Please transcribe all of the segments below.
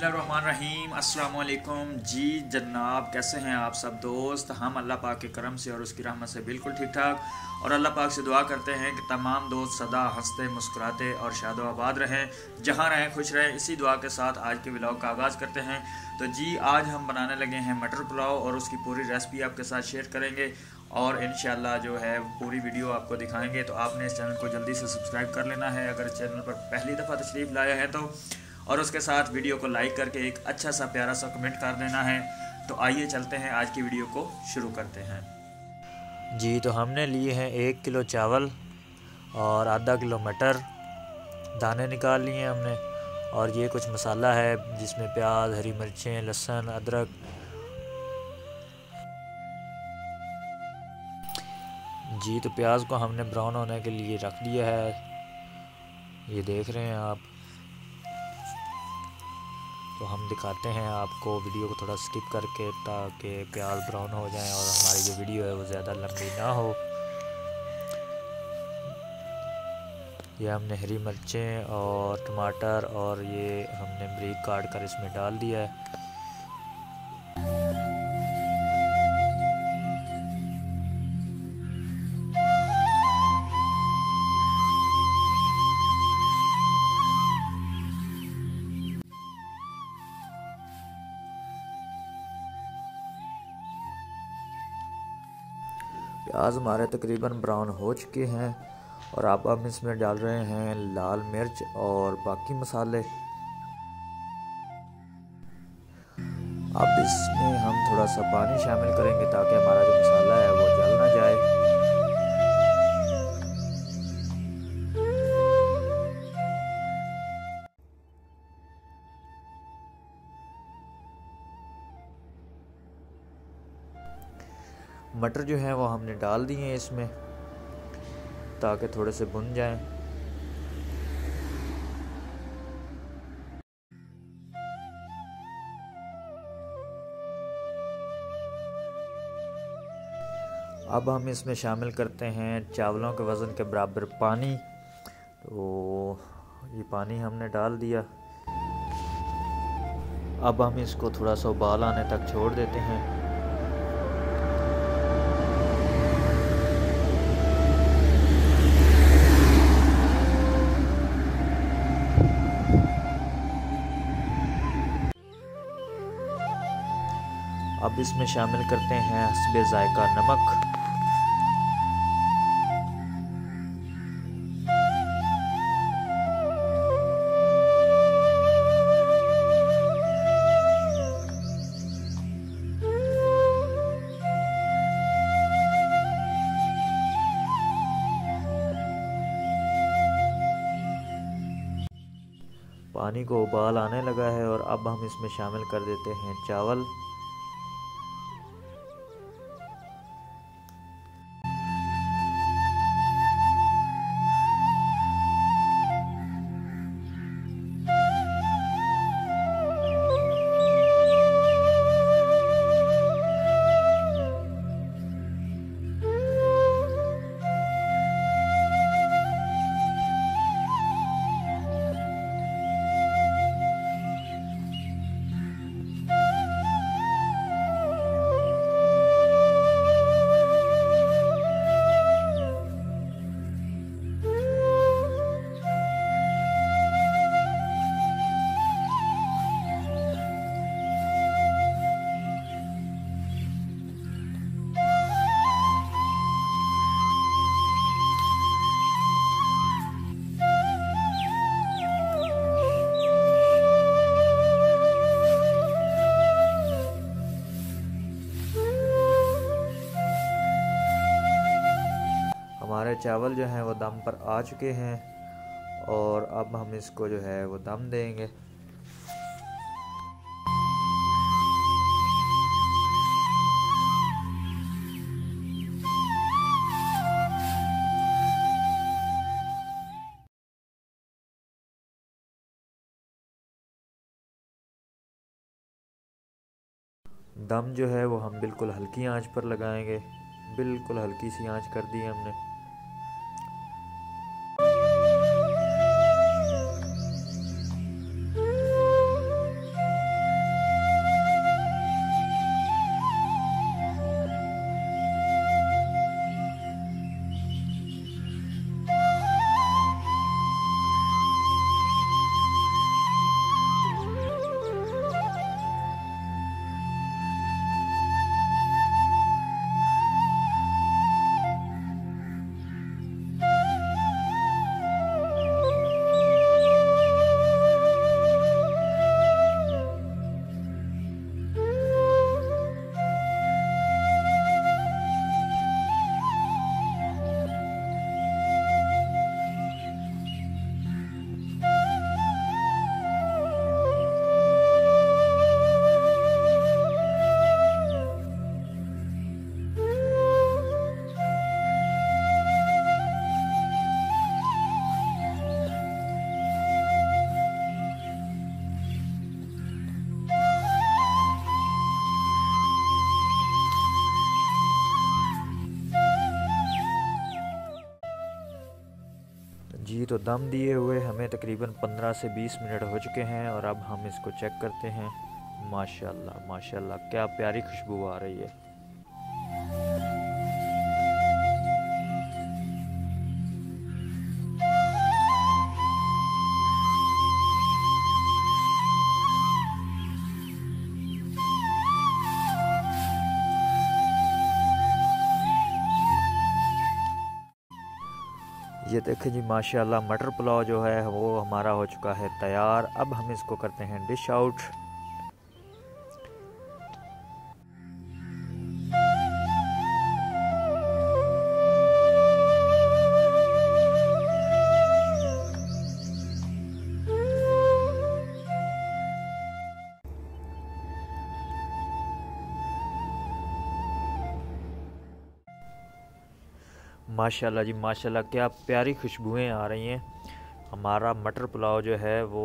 अस्सलाम वालेकुम जी जनाब कैसे हैं आप सब दोस्त हम अल्लाह पाक के करम से और उसकी रहमत से बिल्कुल ठीक ठाक और अल्लाह पाक से दुआ करते हैं कि तमाम दोस्त सदा हंसते मुस्कुराते और शादो आबाद रहें जहाँ रहें खुश रहें इसी दुआ के साथ आज के ब्लॉग का आगाज़ करते हैं तो जी आज हम बनाने लगे हैं मटर पुलाव और उसकी पूरी रेसिपी आपके साथ शेयर करेंगे और इन जो है पूरी वीडियो आपको दिखाएंगे तो आपने इस चैनल को जल्दी से सब्सक्राइब कर लेना है अगर चैनल पर पहली दफ़ा तशरीफ़ लाया है तो और उसके साथ वीडियो को लाइक करके एक अच्छा सा प्यारा सा कमेंट कर देना है तो आइए चलते हैं आज की वीडियो को शुरू करते हैं जी तो हमने लिए हैं एक किलो चावल और आधा किलो मटर दाने निकाल लिए हमने और ये कुछ मसाला है जिसमें प्याज हरी मिर्चें लहसुन अदरक जी तो प्याज को हमने ब्राउन होने के लिए रख दिया है ये देख रहे हैं आप तो हम दिखाते हैं आपको वीडियो को थोड़ा स्किप करके ताकि प्याज ब्राउन हो जाए और हमारी जो वीडियो है वो ज़्यादा लंबी ना हो ये हमने हरी मिर्चें और टमाटर और ये हमने ब्रिक काट कर इसमें डाल दिया है प्याज हमारे तकरीबन ब्राउन हो चुके हैं और आप हम इसमें डाल रहे हैं लाल मिर्च और बाकी मसाले अब इसमें हम थोड़ा सा पानी शामिल करेंगे ताकि हमारा जो मसाला है वो जल ना जाए मटर जो है वो हमने डाल दिए हैं इसमें ताकि थोड़े से भुन जाएं अब हम इसमें शामिल करते हैं चावलों के वज़न के बराबर पानी तो ये पानी हमने डाल दिया अब हम इसको थोड़ा सा उबाल आने तक छोड़ देते हैं अब इसमें शामिल करते हैं हसब ज़ायका नमक पानी को उबाल आने लगा है और अब हम इसमें शामिल कर देते हैं चावल हमारे चावल जो हैं वो दम पर आ चुके हैं और अब हम इसको जो है वो दम देंगे दम जो है वो हम बिल्कुल हल्की आंच पर लगाएंगे बिल्कुल हल्की सी आंच कर दी हमने जी तो दम दिए हुए हमें तकरीबन 15 से 20 मिनट हो चुके हैं और अब हम इसको चेक करते हैं माशाल्लाह माशाल्लाह क्या प्यारी खुशबू आ रही है ये देखें जी माशाल्लाह मटर पुलाव जो है वो हमारा हो चुका है तैयार अब हम इसको करते हैं डिश आउट माशाल्लाह जी माशाल्लाह क्या प्यारी खुशबुएं आ रही हैं हमारा मटर पुलाव जो है वो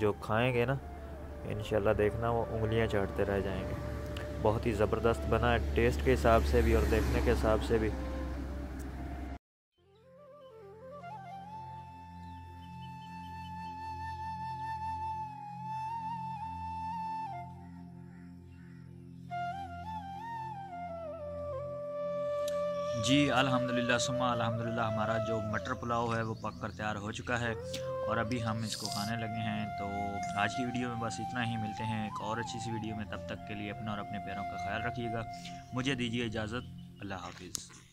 जो खाएंगे ना इन देखना वो उंगलियां चढ़ते रह जाएंगे बहुत ही ज़बरदस्त बना है टेस्ट के हिसाब से भी और देखने के हिसाब से भी जी अल्हम्दुलिल्लाह सुमा अल्हम्दुलिल्लाह हमारा जो मटर पुलाव है वो पक कर तैयार हो चुका है और अभी हम इसको खाने लगे हैं तो आज की वीडियो में बस इतना ही मिलते हैं एक और अच्छी सी वीडियो में तब तक के लिए अपना और अपने पैरों का ख्याल रखिएगा मुझे दीजिए इजाज़त अल्लाह हाफिज़